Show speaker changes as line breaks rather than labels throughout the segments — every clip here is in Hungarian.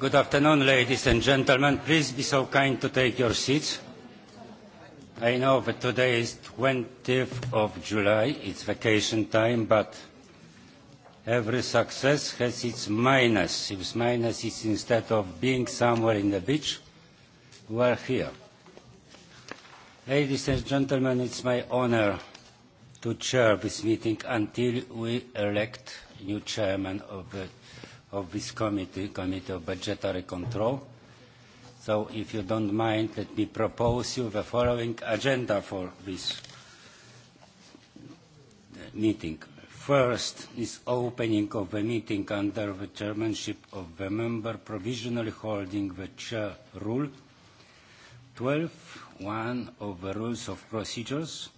Good afternoon, ladies and gentlemen. Please be so kind to take your seats. I know that today is 20th of July, it's vacation time, but every success has its minus. Its minus is instead of being somewhere in the beach, we're here. Ladies and gentlemen, it's my honor to chair this meeting until we elect new chairman of the of this committee, Committee of Budgetary Control. So if you don't mind, let me propose you the following agenda for this uh, meeting. First is opening of the meeting under the chairmanship of the member provisionally holding the chair rule. 12, one of the rules of procedures.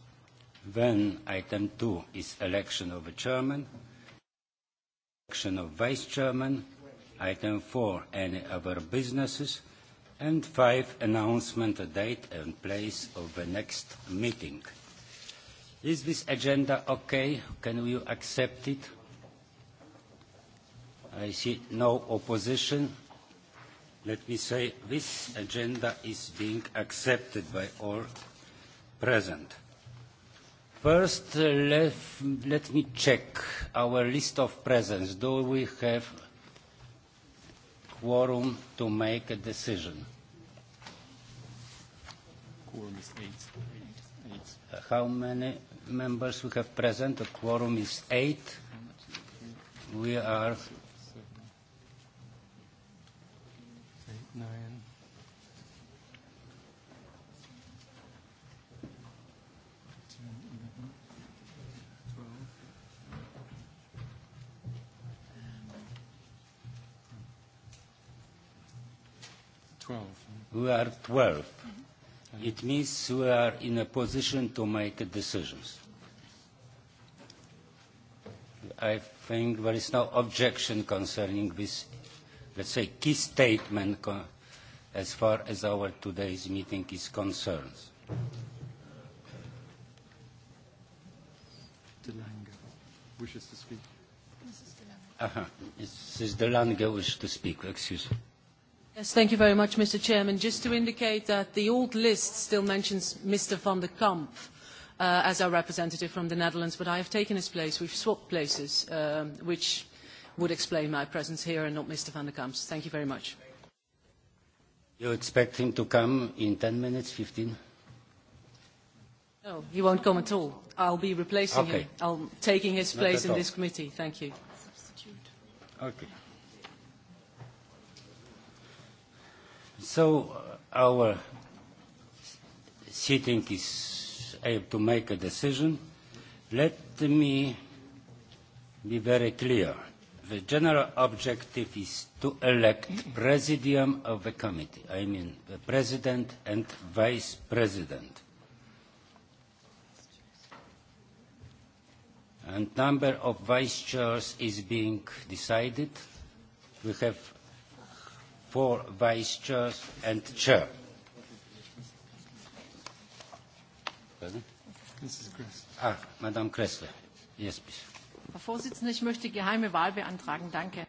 Then item two is election of the chairman. Action of Vice Chairman, item 4, any other businesses, and 5, announcement of date and place of the next meeting. Is this agenda okay? Can you accept it? I see no opposition. Let me say this agenda is being accepted by all present. First, let, let me check our list of presence. Do we have quorum to make a decision? Quorum is eight. eight. how many members we have present? The quorum is eight. We are 12. We are 12.
Mm-hmm.
It means we are in a position to make decisions. I think there is no objection concerning this, let's say, key statement as far as our today's meeting is concerned. De
wishes to speak. Mrs.
Uh-huh. De Lange. Aha, Mrs. De Lange wishes to speak, excuse me.
Yes, thank you very much, Mr. Chairman. Just to indicate that the old list still mentions Mr. van der Kamp uh, as our representative from the Netherlands, but I have taken his place. We've swapped places, um, which would explain my presence here and not Mr. van der Kamp's. Thank you very much.
You expect him to come in 10 minutes, 15?
No, he won't come at all. I'll be replacing okay. him. I'm taking his place in this committee. Thank you.
Substitute.
Okay. So uh, our sitting is able to make a decision. Let me be very clear. The general objective is to elect presidium of the committee, I mean the president and vice president. And number of vice chairs is being decided. We have four vice chairs and chair. Ah, Madame Kressler, Yes, please.
Herr Vorsitzender, ich möchte geheime Wahl beantragen. Danke.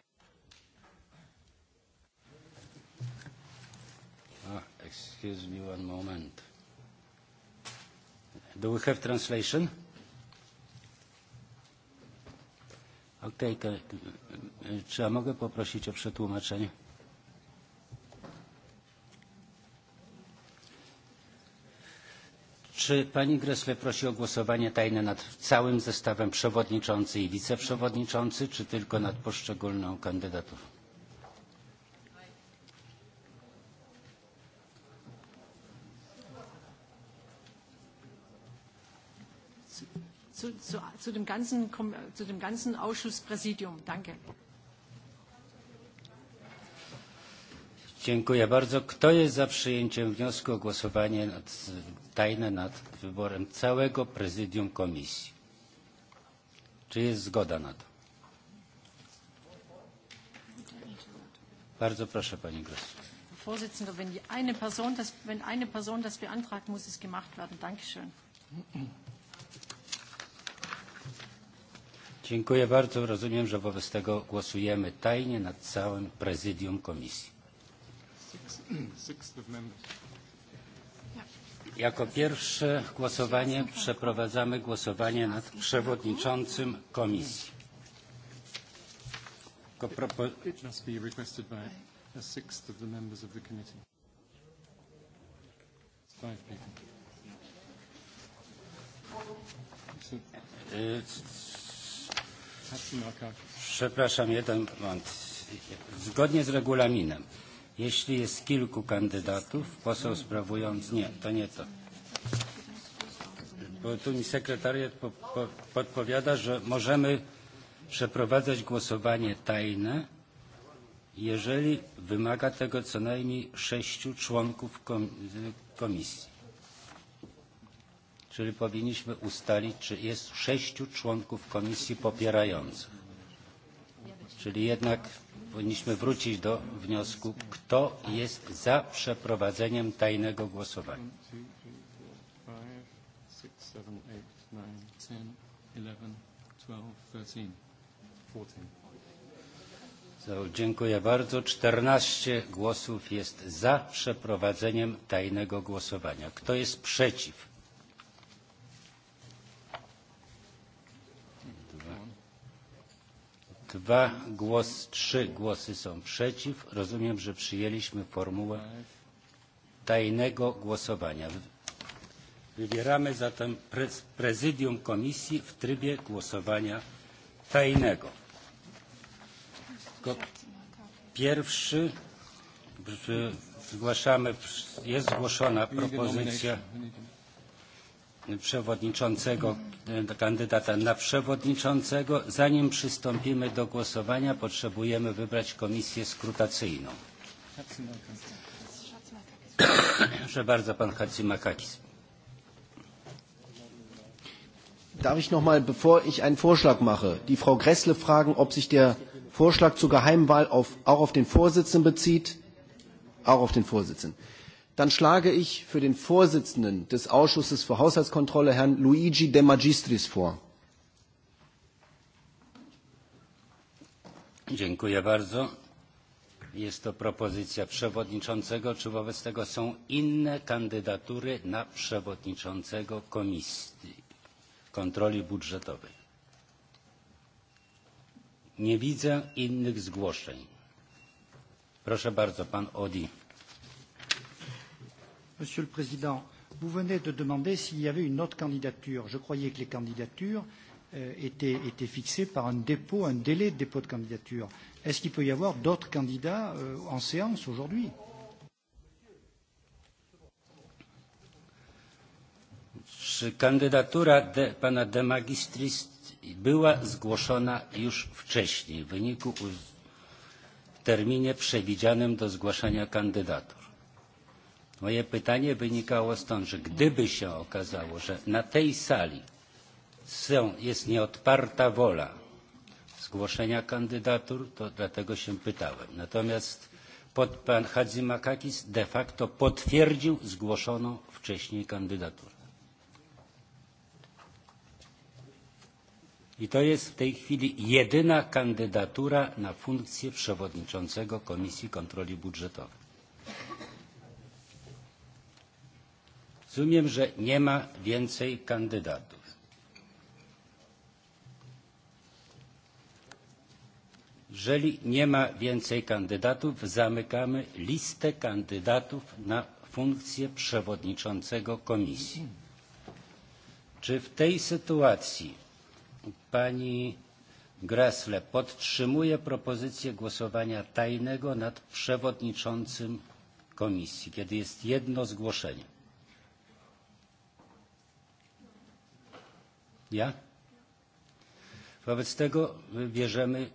Ah, excuse me one moment. Do we have translation? Okej, okay, czy ja mogę poprosić o przetłumaczenie? Czy pani Gressle prosi o głosowanie tajne nad całym zestawem przewodniczący i wiceprzewodniczący, czy tylko nad poszczególną kandydaturą?
Zu, zu, zu, dem ganzen, zu dem ganzen Ausschusspräsidium. Danke.
Dziękuję bardzo. Kto jest za przyjęciem wniosku o głosowanie nad, tajne nad wyborem całego prezydium komisji? Czy jest zgoda na to? Bardzo proszę Pani Gross.
Vorsitzender, wenn, die eine Person das, wenn eine Person das beantragt, muss es gemacht werden. Dankeschön.
Dziękuję bardzo. Rozumiem, że wobec tego głosujemy tajnie nad całym prezydium komisji. Jako pierwsze głosowanie przeprowadzamy głosowanie nad przewodniczącym komisji. Przepraszam, jeden moment. Zgodnie z regulaminem Jeśli jest kilku kandydatów, poseł sprawując... Nie, to nie to. Bo tu mi sekretariat po, po, podpowiada, że możemy przeprowadzać głosowanie tajne, jeżeli wymaga tego co najmniej sześciu członków komisji. Czyli powinniśmy ustalić, czy jest sześciu członków komisji popierających. Czyli jednak powinniśmy wrócić do wniosku, kto jest za przeprowadzeniem tajnego głosowania. So, Dziękuję bardzo. 14 głosów jest za przeprowadzeniem tajnego głosowania. Kto jest przeciw? dwa, głos trzy głosy są przeciw. Rozumiem, że przyjęliśmy formułę tajnego głosowania. Wybieramy zatem prezydium komisji w trybie głosowania tajnego. Ko pierwszy e, zgłaszamy, jest zgłoszona propozycja przewodniczącego, e, kandydata na przewodniczącego. Zanim przystąpimy do głosowania, potrzebujemy wybrać komisję skrutacyjną. Proszę bardzo, pan Hatzimakakis. Darf ich noch mal, bevor ich einen
Vorschlag mache, die Frau Gressle fragen, ob sich der Vorschlag zur Geheimwahl auf, auch auf den Vorsitzenden bezieht? Auch auf den Vorsitzenden dann schlage ich für den Vorsitzenden des Ausschusses für Haushaltskontrolle, Herrn Luigi De Magistris, vor.
Dziękuję bardzo. Jest to propozycja przewodniczącego. Czy wobec tego są inne kandydatury na przewodniczącego Komisji Kontroli Budżetowej? Nie widzę innych zgłoszeń. Proszę bardzo, pan Odi. Monsieur le Président, vous venez de demander s'il y avait une autre candidature. Je croyais que les candidatures euh, étaient, étaient fixées par un dépôt, un délai de dépôt de candidature. Est-ce qu'il peut y avoir d'autres candidats euh, en séance aujourd'hui Czy kandydatura de, pana de magistris była zgłoszona już wcześniej w wyniku w terminie przewidzianym do zgłaszania kandydatur? Moje pytanie wynikało stąd, że gdyby się okazało, że na tej sali są, jest nieodparta wola zgłoszenia kandydatur, to dlatego się pytałem. Natomiast pod, pan Hadzimakakis de facto potwierdził zgłoszoną wcześniej kandydaturę. I to jest w tej chwili jedyna kandydatura na funkcję przewodniczącego Komisji Kontroli Budżetowej. Rozumiem, że nie ma więcej kandydatów. Jeżeli nie ma więcej kandydatów, zamykamy listę kandydatów na funkcję przewodniczącego komisji. Czy w tej sytuacji pani Gressle podtrzymuje propozycję głosowania tajnego nad przewodniczącym komisji, kiedy jest jedno zgłoszenie? Ja? Wobec tego wybierzemy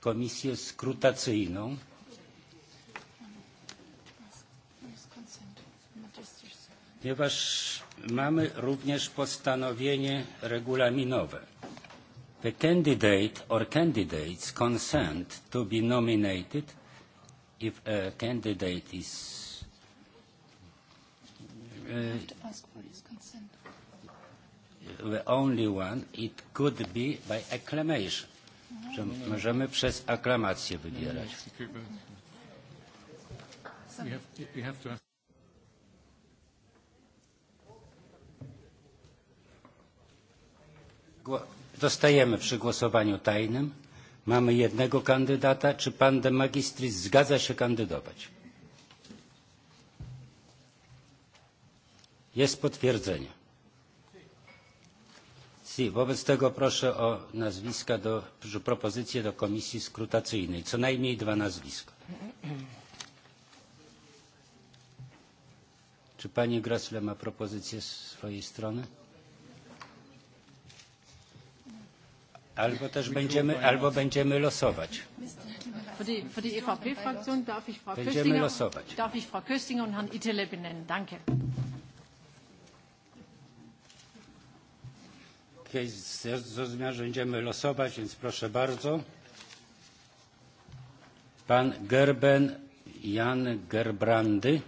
komisję skrutacyjną. Ponieważ mamy również postanowienie regulaminowe. The candidate or candidates consent to be nominated if a candidate is... Uh, the only one, it could be by acclamation. Że możemy przez aklamację wybierać. Dostajemy przy głosowaniu tajnym. Mamy jednego kandydata. Czy pan de magistris zgadza się kandydować? Jest potwierdzenie. Wobec tego proszę o nazwiska, do, propozycje do komisji skrutacyjnej. Co najmniej dwa nazwiska. Czy pani Grasle ma propozycję z swojej strony? Albo też będziemy, albo będziemy losować.
E będziemy losować. darf ich Frau Köstinger und Herrn Itele benennen. Danke.
case zrozumiał, że będziemy losować, więc proszę bardzo. Pan Gerben Jan Gerbrandy.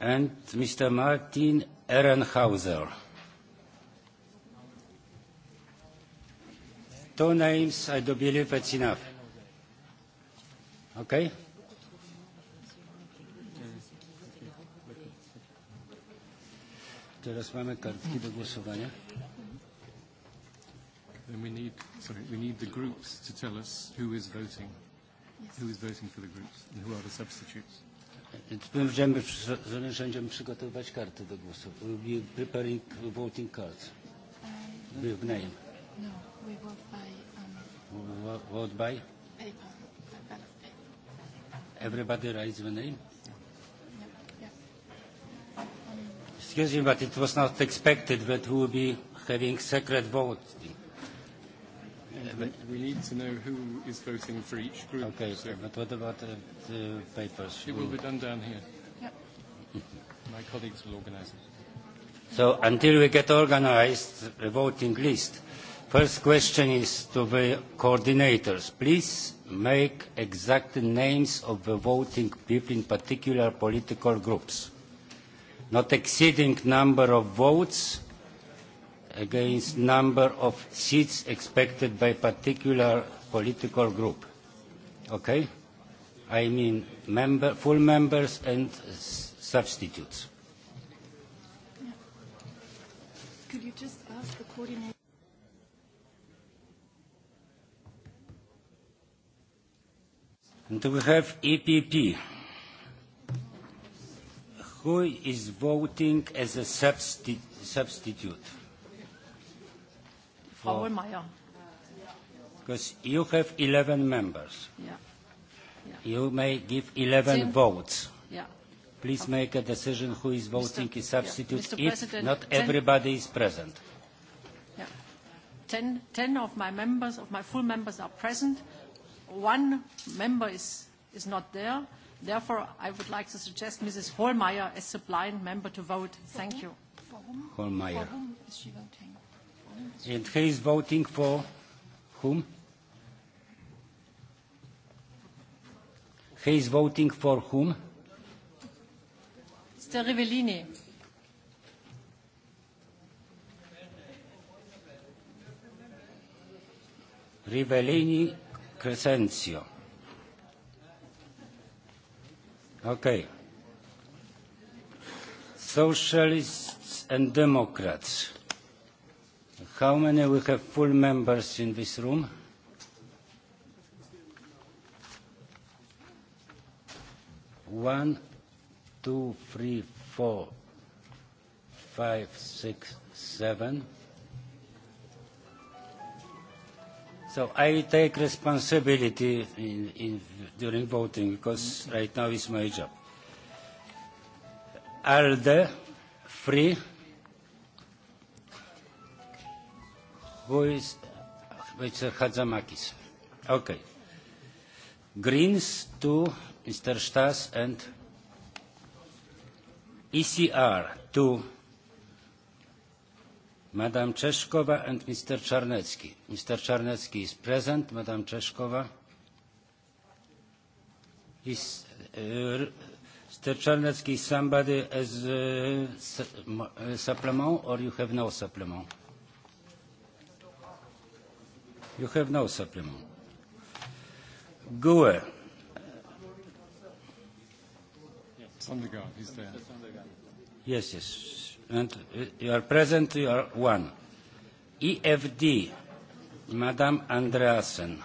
And Mr. Martin Ehrenhauser. Two names, I do believe that's enough. Okay?
Teraz mamy kartki do głosowania. Then we need, sorry, we need the groups to tell us who is voting, who is voting for the groups and who are the substitutes. Będziemy,
będziemy przygotowywać karty do głosu. We'll be preparing voting cards. With name.
No, we by. Um, by. Paper.
Everybody writes the name. Excuse me, but it was not expected that we will be having secret votes.
And we need to know who is voting for each group. Okay, so. but what about the, the papers? It will be done down here. Yep. My colleagues will organize it.
So until we get organized a voting list, First question is to the coordinators. Please make exact names of the voting people in particular political groups, not exceeding number of votes against number of seats expected by particular political group. Okay? I mean member, full members and substitutes.
Could you just ask the coordinator?
Do we have EPP? Who is voting as a substi substitute? For Because you have 11 members. Yeah. yeah. You may give 11 Tim. votes. Yeah. Please okay. make a decision who is voting Mr. is substitute yeah. Mr. if not everybody is present. Yeah.
Ten, ten of my members, of my full members are present one member is, is not there. Therefore, I would like to suggest Mrs. Holmeyer as the blind member to vote. Thank you.
Holmeyer.
is she voting?
And he is voting for whom? He is voting for whom?
Mr. Rivellini.
Rivellini Crescencio. Okay. Socialists and Democrats. How many we have full members in this room? One, two, three, four, five, six, seven. So I take responsibility in, in, during voting because right now it's my job. ALDE, free. Who is Mr. Hadzamakis? Okay. Greens, two, Mr. Stas and ECR, two. Madam Czeszkova and Mr. Czarnecki. Mr. Czarnecki is present. Madam Czeszkova is uh, Mr. Czarnecki is somebody as uh, uh, supplement or you have no supplement? You have no supplement. GUE.
Sandegaard, he's there.
Yes, yes and uh, you are present, you are one. EFD, Madame Andreasen.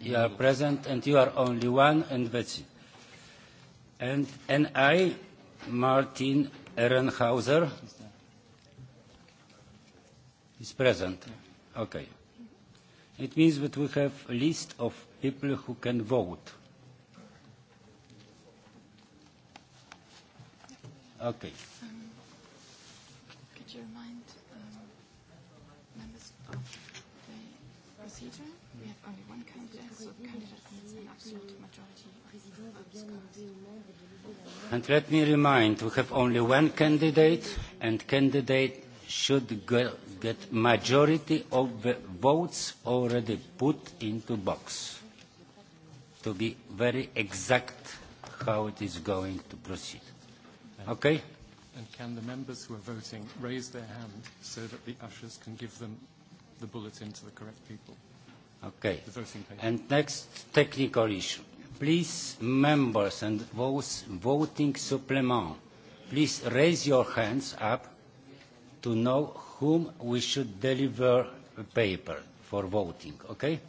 You are present and you are only one, and that's it. And NI, Martin Ehrenhauser. Is present. Okay. It means that we have a list of people who can vote. Okay.
Um, could you remind um, members of the
procedure? We have only one candidate, so the candidate needs an absolute majority
of And let me remind, we have only one candidate, and candidate should get majority of the votes already put into box to be very exact how it is going to proceed. Okay.
And can the members who are voting raise their hand so that the ushers can give them the bulletin to the correct people? Okay. The voting paper. And
next technical issue. Please, members and those voting supplement, please raise your hands up to know whom we should deliver a paper for voting, okay?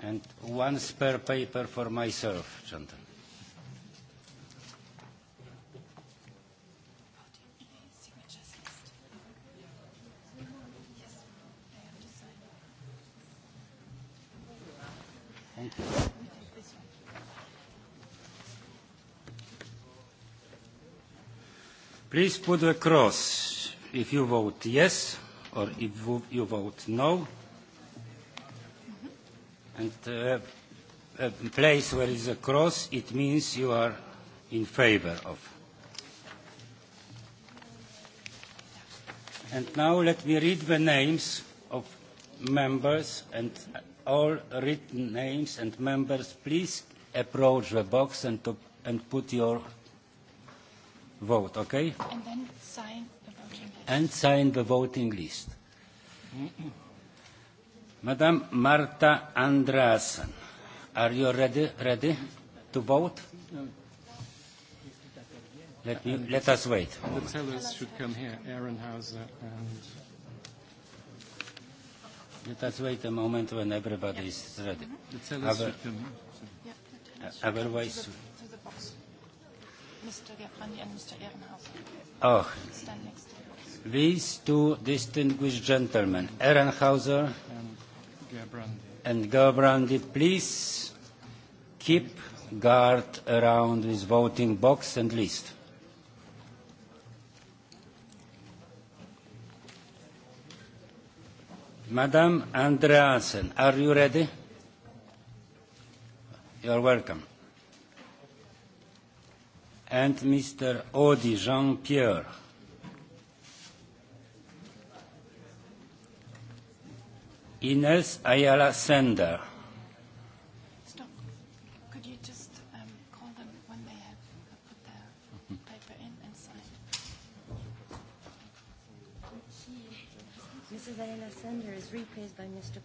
and one spare paper for myself, gentlemen. Please put a cross if you vote yes or if you vote no and uh, a place where is a cross, it means you are in favor of. And now let me read the names of members and all written names and members, please approach the box and, to, and put your vote, okay?
And then sign the voting list.
And sign the voting list. Madam Marta Andreasen, are you ready, ready to vote? Let, me, let us wait. The
tellers should come here, Ehrenhauser and...
Let us wait a moment when everybody yeah. is ready. The tellers Other, should come here. Yeah, uh, otherwise... To the, to the box.
Mr. Gerbrandy and Mr. Ehrenhauser. Oh. Stand next
to the box. These two distinguished gentlemen, Ehrenhauser... And and Gerbrandi, please keep guard around this voting box and list. Madam Andreasen, are you ready? You welcome. And Mr. Audi Jean-Pierre. Ines Ayala Sender.
Stop. Could you just um, call them when they have put
their paper in and signed? Ayala Sender is replaced by Mr.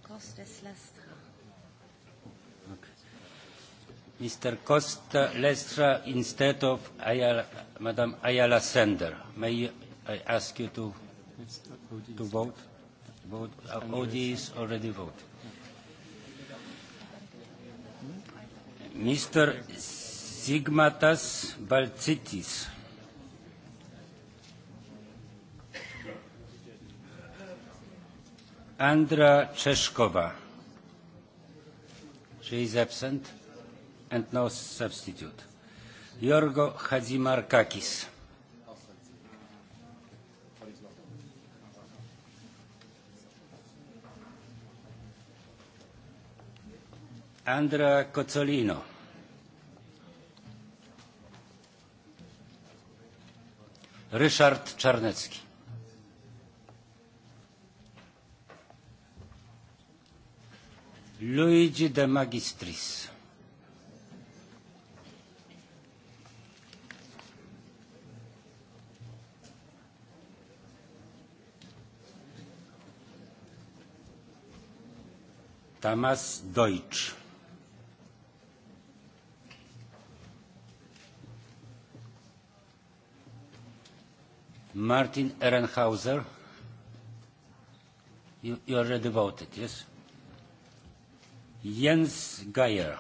Mr. Costa Lestra instead of Ayala, Madam Ayala Sender. May I ask you to, to vote? Vote, uh, OD is already voted. Mr. Sigmatas Balcitis. Andra Czeszkowa. She is absent and no substitute. Jorgo Hadzimarkakis. Andrea Cozzolino. Ryszard Czarnecki. Luigi de Magistris. Tamás Deutsch. Martin Ehrenhauser. You, you already voted, yes? Jens Geier.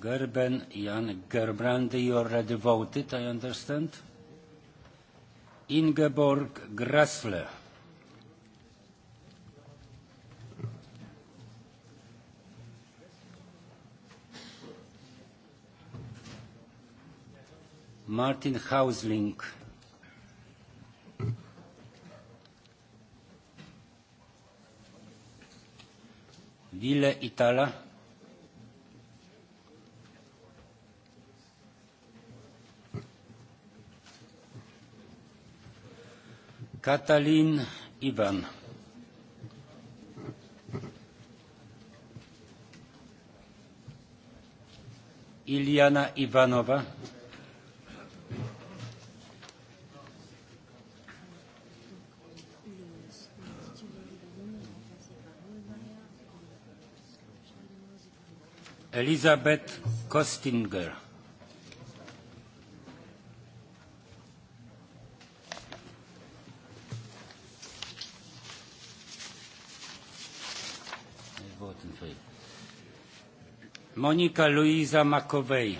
Gerben Jan Gerbrandi, you already voted, I understand. Ingeborg Grassle. Martin Hausling. Ville Itala. Katalin Ivan. Iliana Ivanova. Elizabeth Kostinger. Monika Luisa Makowej.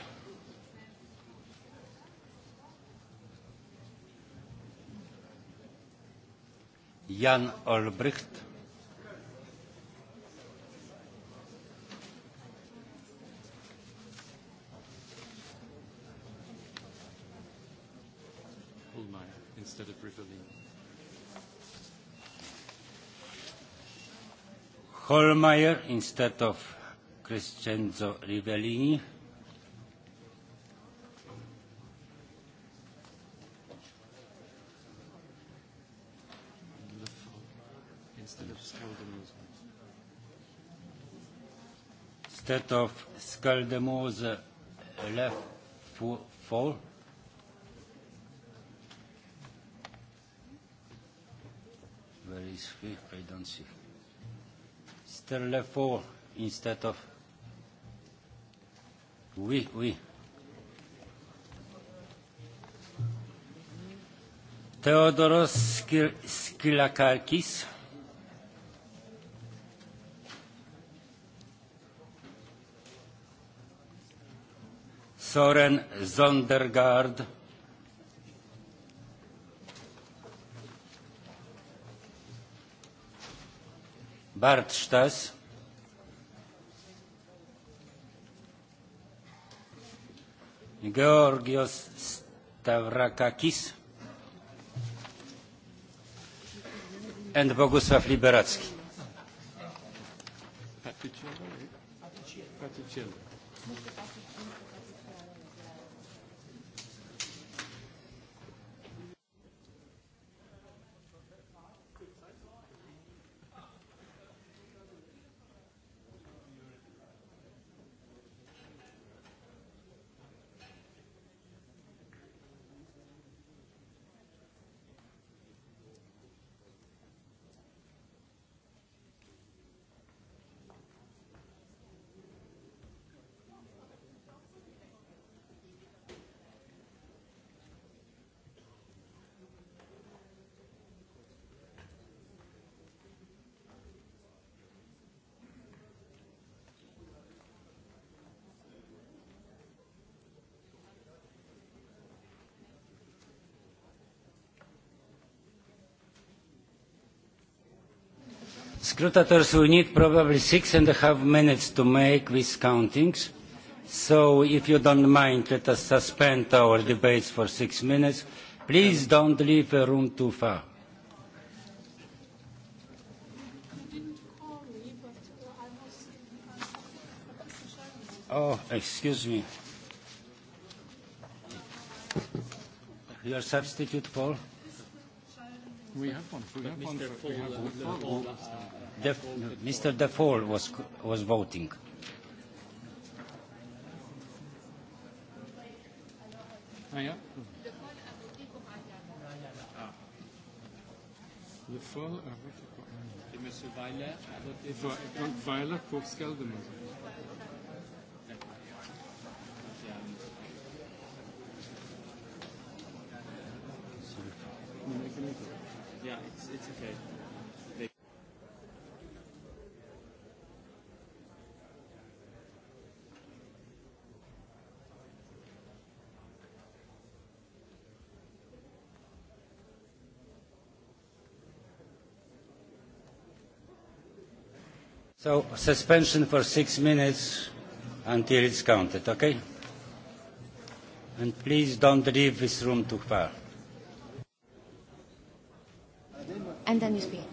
Jan Olbrycht. Holmeyer instead of Crescenzo Rivellini. Instead of Scaldemose left fall. Where is he? I don't see. Mr. Lefort instead of... Oui, oui. Theodoros Skylakakis. Soren Zondergaard. Bart Stas. Georgios Stavrakakis and Bogusław Liberacki. Patriciello. Eh? Patriciello. scrutators will need probably six and a half minutes to make these countings. So if you don't mind, let us suspend our debates for six minutes. Please don't leave the room too far. Oh, excuse me. Your substitute, Paul?
We have one. We have one. Mr. Defoe
was, was voting. Ah, ja?
Le Foll a voté pour. Et M. Weiler a voté pour. Donc Weiler pour Skeldemann.
Yeah, it's, it's okay. So, suspension for six minutes until it's counted, okay? And please don't leave this room too far. And then you speak.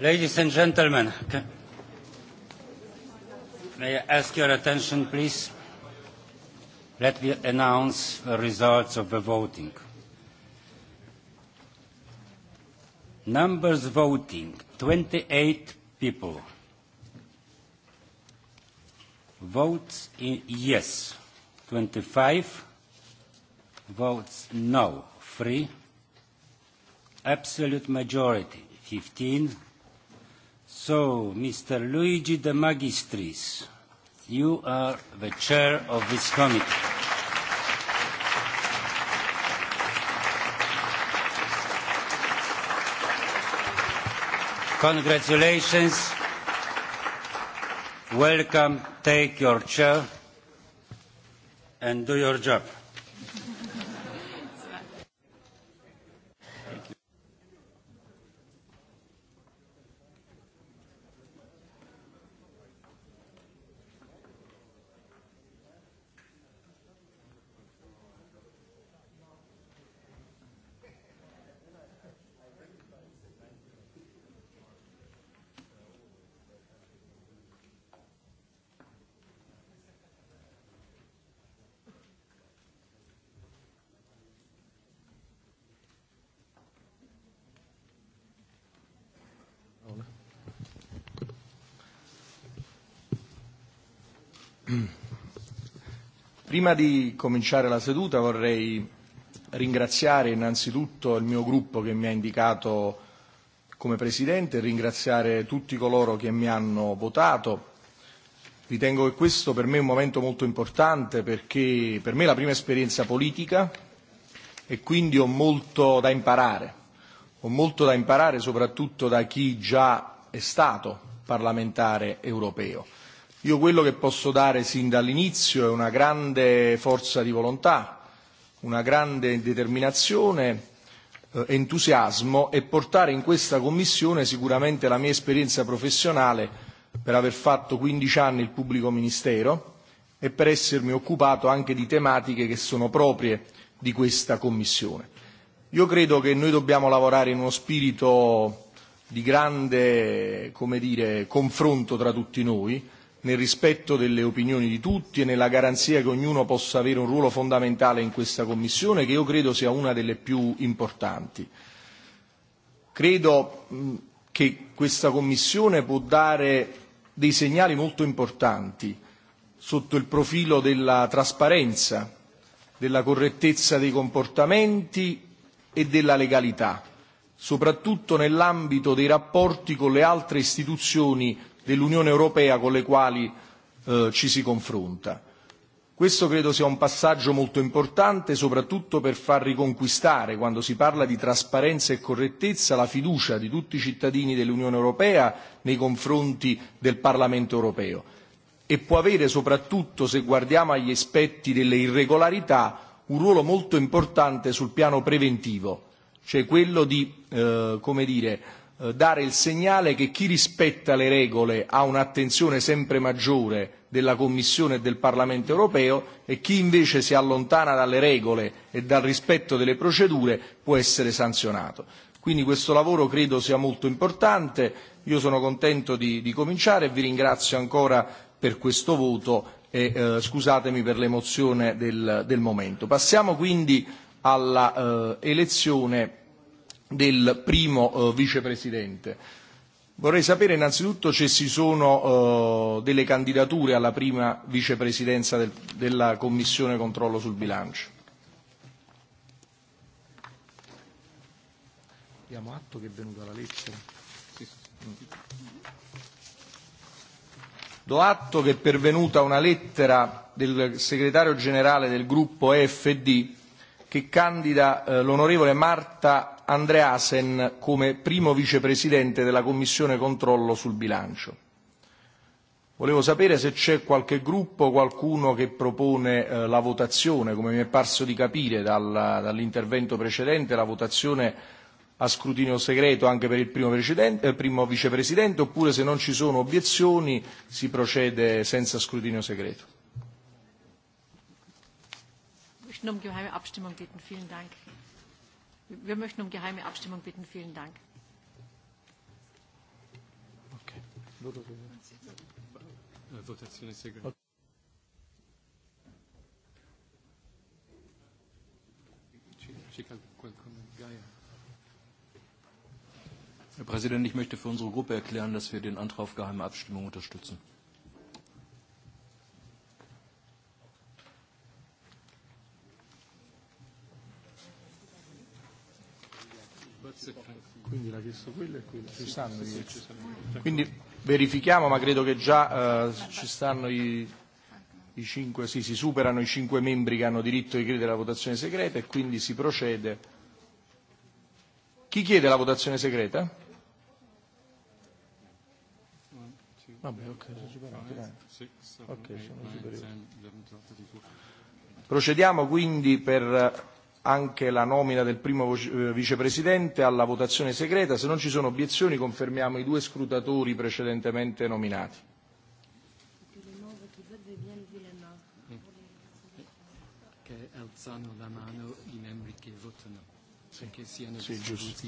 Ladies and gentlemen, may I ask your attention, please? Let me announce the results of the voting. Numbers voting, 28 people. Votes in yes, 25. Votes no, 3. Absolute majority, 15 So, Mr. Luigi De Magistris, you are the chair of this committee. Congratulations. Welcome. Take your chair and do your job.
prima di cominciare la seduta vorrei ringraziare innanzitutto il mio gruppo che mi ha indicato come Presidente, e ringraziare tutti coloro che mi hanno votato. Ritengo che questo per me è un momento molto importante perché per me è la prima esperienza politica e quindi ho molto da imparare. Ho molto da imparare soprattutto da chi già è stato parlamentare europeo Io quello che posso dare sin dall'inizio è una grande forza di volontà, una grande determinazione, eh, entusiasmo e portare in questa Commissione sicuramente la mia esperienza professionale per aver fatto 15 anni il pubblico ministero e per essermi occupato anche di tematiche che sono proprie di questa Commissione. Io credo che noi dobbiamo lavorare in uno spirito di grande come dire, confronto tra tutti noi, nel rispetto delle opinioni di tutti e nella garanzia che ognuno possa avere un ruolo fondamentale in questa Commissione, che io credo sia una delle più importanti. Credo che questa Commissione può dare dei segnali molto importanti sotto il profilo della trasparenza, della correttezza dei comportamenti e della legalità, soprattutto nell'ambito dei rapporti con le altre istituzioni dell'Unione Europea con le quali eh, ci si confronta. Questo credo sia un passaggio molto importante, soprattutto per far riconquistare, quando si parla di trasparenza e correttezza, la fiducia di tutti i cittadini dell'Unione Europea nei confronti del Parlamento Europeo e può avere, soprattutto se guardiamo agli aspetti delle irregolarità, un ruolo molto importante sul piano preventivo, cioè quello di eh, come dire, Eh, dare il segnale che chi rispetta le regole ha un'attenzione sempre maggiore della Commissione e del Parlamento europeo e chi invece si allontana dalle regole e dal rispetto delle procedure può essere sanzionato. Quindi questo lavoro credo sia molto importante, io sono contento di, di cominciare e vi ringrazio ancora per questo voto e eh, scusatemi per l'emozione del, del momento. Passiamo quindi alla eh, elezione del primo eh, vicepresidente. Vorrei sapere innanzitutto se ci sono eh, delle candidature alla prima vicepresidenza del, della Commissione controllo sul bilancio. Diamo atto che è venuta la lettera. Mm. Do atto che è pervenuta una lettera del segretario generale del gruppo EFD che candida eh, l'onorevole Marta Andreasen come primo vicepresidente della Commissione controllo sul bilancio. Volevo sapere se c'è qualche gruppo, qualcuno che propone eh, la votazione, come mi è parso di capire dal, dall'intervento precedente, la votazione a scrutinio segreto anche per il primo, eh, primo vicepresidente, oppure se non ci sono obiezioni si procede senza scrutinio segreto
möchten um geheime Abstimmung bitten. Vielen Dank. Wir möchten um geheime Abstimmung bitten. Vielen Dank.
Äh, Herr Präsident, ich möchte für unsere Gruppe erklären, dass wir den Antrag auf geheime Abstimmung unterstützen. Quindi
l'ha chiesto quello e quello. Ci stanno i... Quindi verifichiamo, ma credo che già eh, ci stanno i, i cinque, sì, si superano i cinque membri che hanno diritto di chiedere la votazione segreta e quindi si procede. Chi chiede la votazione
segreta? Vabbè, ok, sono superiore. Dai. sono superati.
Procediamo quindi per anche la nomina del primo eh, vicepresidente alla votazione segreta. Se non ci sono obiezioni confermiamo i due scrutatori precedentemente nominati.
alzano la mano i membri che votano, perché siano sì, giusto.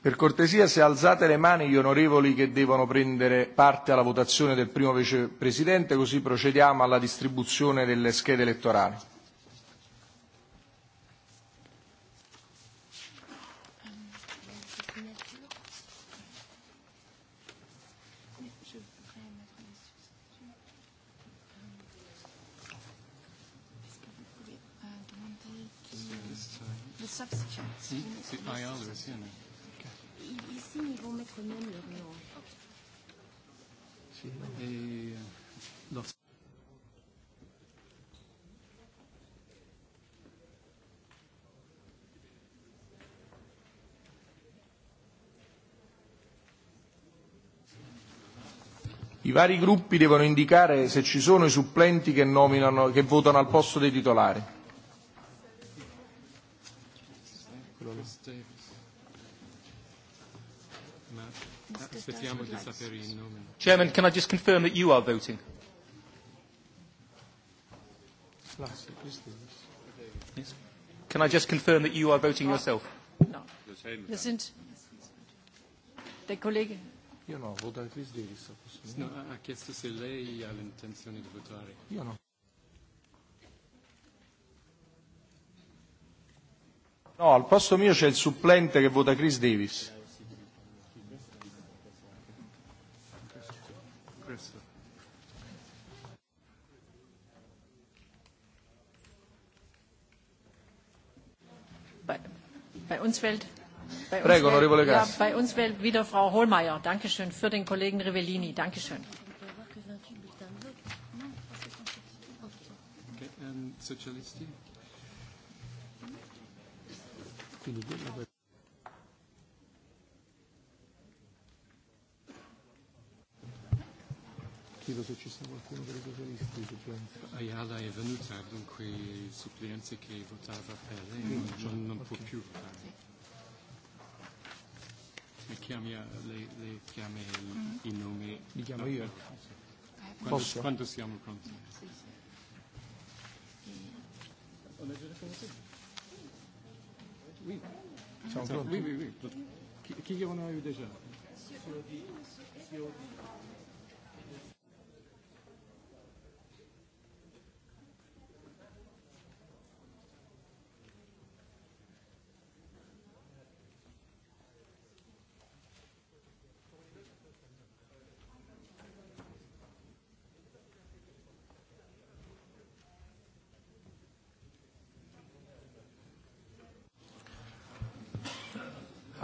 Per cortesia, se alzate le mani gli onorevoli che devono prendere parte alla votazione del primo vicepresidente, così procediamo alla distribuzione delle schede elettorali. I vari gruppi devono indicare se ci sono i supplenti che, nominano, che votano al posto dei titolari.
Chairman, can I just confirm that you are voting? Yes. Can I just confirm that you are voting yourself? No. Wir
sind der Kollege
Io no, vota il Chris Davis. No, ha chiesto se lei ha l'intenzione di votare.
Io no. No, al posto mio c'è il supplente che vota Chris Davis.
Bei, bei uns fällt Bei Prego, onorevole Gas. Ja, bei uns wählt wieder Frau Hohlmeier. Dankeschön für den Kollegen Rivellini. Dankeschön.
Sozialisti. Quindi chiedo se ci sia qualcuno dei socialisti supplente. Ayala è venuta, dunque il supplente che votava per lei non, non, non okay. può più votare chiami, eh, le, le chiami mm. il nome? Li chiamo no. io? Quando, Posso? Quando siamo pronti? Sì, sì. Oui. Oui, oui, oui. Qui, qui en a eu déjà? Sur, sur, sur,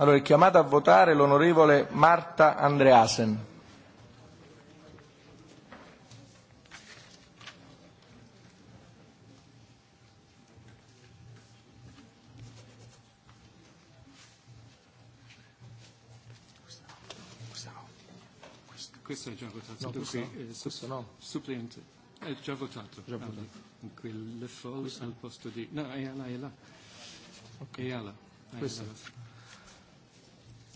Allora è
chiamata a votare l'onorevole Marta Andreasen.
Questo è già votato, no, questo, qui, no. Eh, questo no. Suppliente. È già votato. Già votato. Allora, quelle folle al posto di... No, è là, è là. Okay. È là. È là.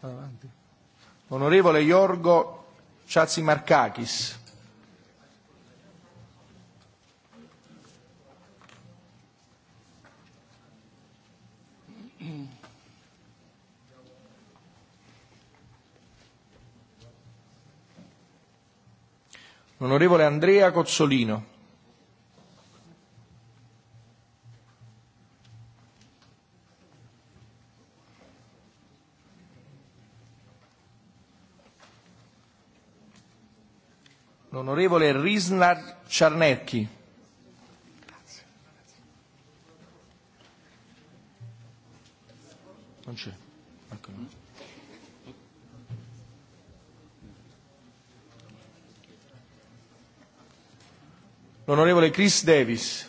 Avanti. Onorevole Iorgo Ciazimarcakis. Onorevole Andrea Cozzolino. l'onorevole Risnar Czarnecki. Non c'è. Ecco. L'onorevole Chris Davis.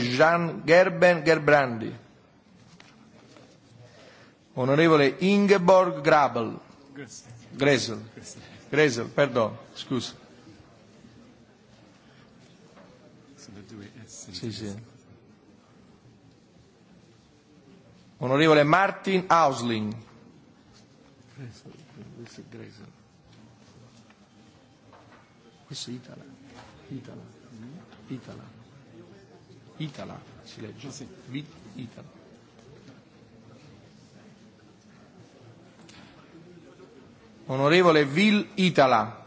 Jean Gerben Gerbrandi. Onorevole Ingeborg Grabel. Gresel. Gresel, perdon, scusa. Sì, sì. Onorevole Martin Ausling. Questo è Itala. Italia. Itala. Itala, si legge. Sì. Itala. Onorevole Vil Itala.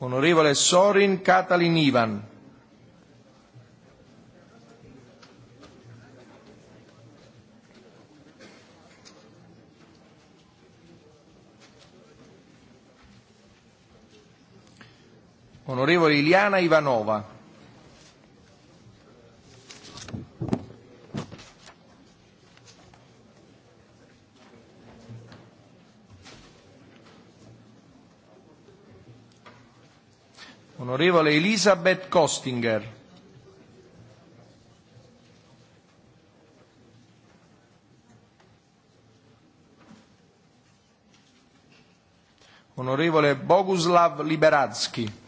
Onorevole Sorin Katalin Ivan. Eliana Ivanova. Onorevole Elisabeth Kostinger. Onorevole Boguslav Liberadzki.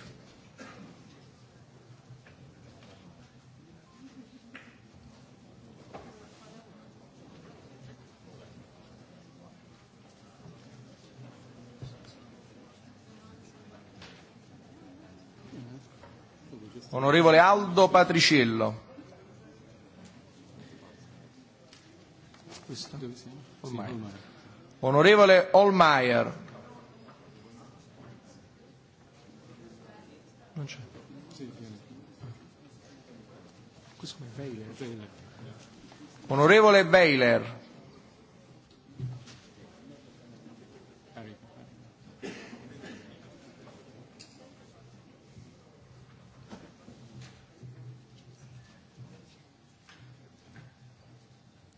Onorevole Aldo
Patriciello. Onorevole Olmaier. Non c'è. Onorevole Baylor.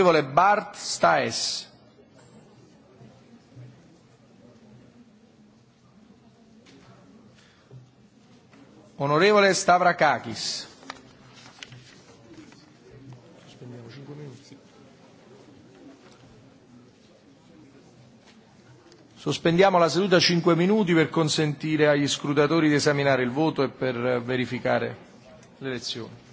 Onorevole Bart Staes. Onorevole Stavrakakis. Sospendiamo la seduta 5 minuti per consentire agli scrutatori di esaminare il voto e per verificare l'elezione.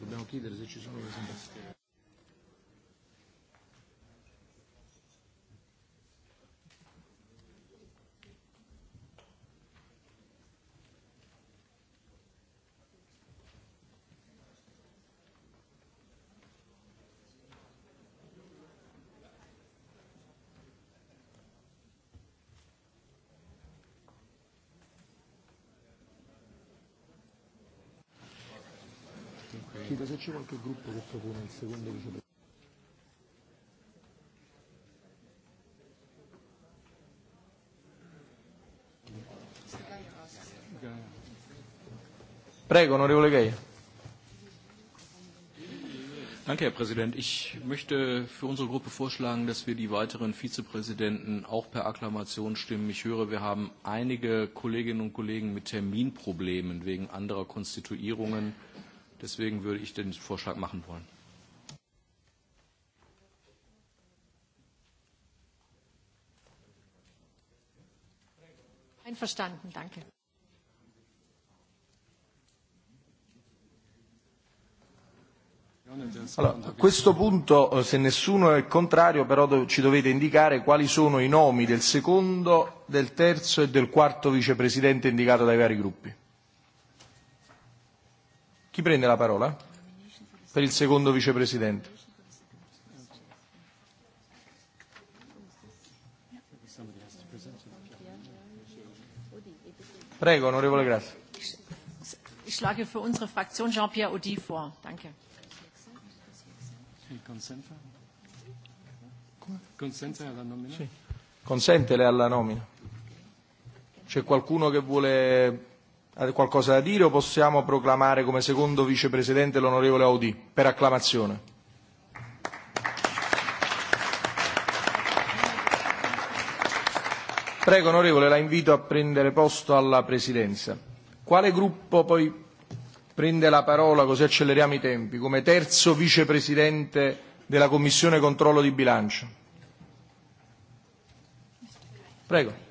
Dobbiamo chiedere se ci sono presentazioni.
chiedo se c'è qualche gruppo che propone il secondo vicepresidente. Prego, onorevole Gaia.
Danke, Herr Präsident. Ich möchte für unsere Gruppe vorschlagen, dass wir die weiteren Vizepräsidenten auch per Akklamation stimmen. Ich höre, wir haben einige Kolleginnen und Kollegen mit Terminproblemen wegen anderer Konstituierungen. Ja Deswegen würde ich den Vorschlag machen wollen.
Einverstanden, danke.
Allora, a questo punto, eh, se nessuno è contrario, però ci dovete indicare quali sono i nomi del secondo, del terzo e del quarto vicepresidente indicato dai vari gruppi. Chi prende la parola? Per il secondo vicepresidente. Prego, onorevole Grazie.
Ich schlage für unsere Fraktion Jean-Pierre Audi vor. Danke.
Consente alla nomina?
Consente alla nomina. C'è qualcuno che vuole qualcosa da dire o possiamo proclamare come secondo vicepresidente l'onorevole Audi per acclamazione? Prego onorevole, la invito a prendere posto alla presidenza. Quale gruppo poi prende la parola così acceleriamo i tempi come terzo vicepresidente della Commissione Controllo di Bilancio?
Prego.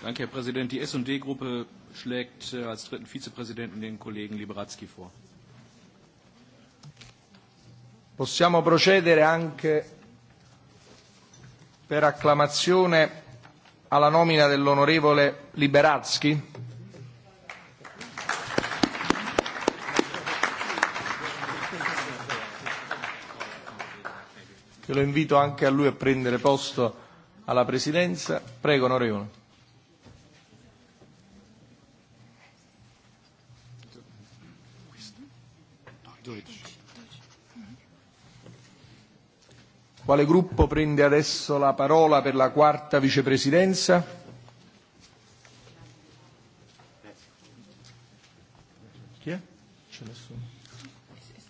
Danke, Herr Präsident. Die S&D-Gruppe schlägt äh, als dritten Vizepräsidenten den Kollegen Liberatzki vor.
Possiamo procedere anche per acclamazione alla nomina dell'onorevole Liberazzi? Che lo invito anche a lui a prendere posto alla Presidenza. Prego, onorevole. Deutsch. Quale gruppo prende adesso la parola per la quarta vicepresidenza? Chi è? C'è nessuno.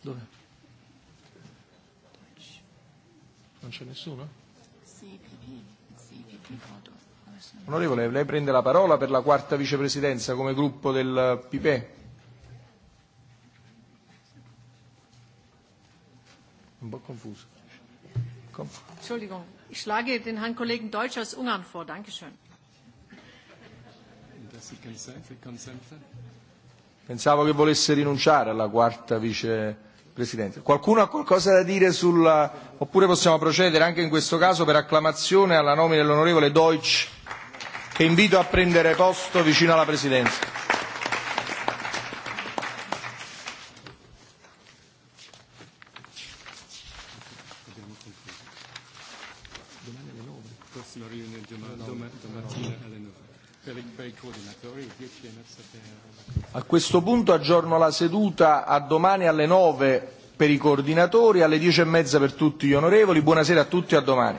Dov'è? Non c'è nessuno? Onorevole, lei prende la parola per la quarta vicepresidenza come gruppo del PIPE?
Un po' confuso. Com-
Entschuldigung, ich schlage den Herrn Kollegen Deutsch aus Ungarn vor. Dankeschön.
Does he consent? He
Pensavo che volesse rinunciare alla quarta vicepresidente. Qualcuno ha qualcosa da dire sulla... oppure possiamo procedere anche in questo caso per acclamazione alla nomina dell'onorevole Deutsch che invito a prendere posto vicino alla presidenza. A questo punto aggiorno la seduta a domani alle 9 per i coordinatori, alle 10 e mezza per tutti gli onorevoli. Buonasera a tutti e a domani.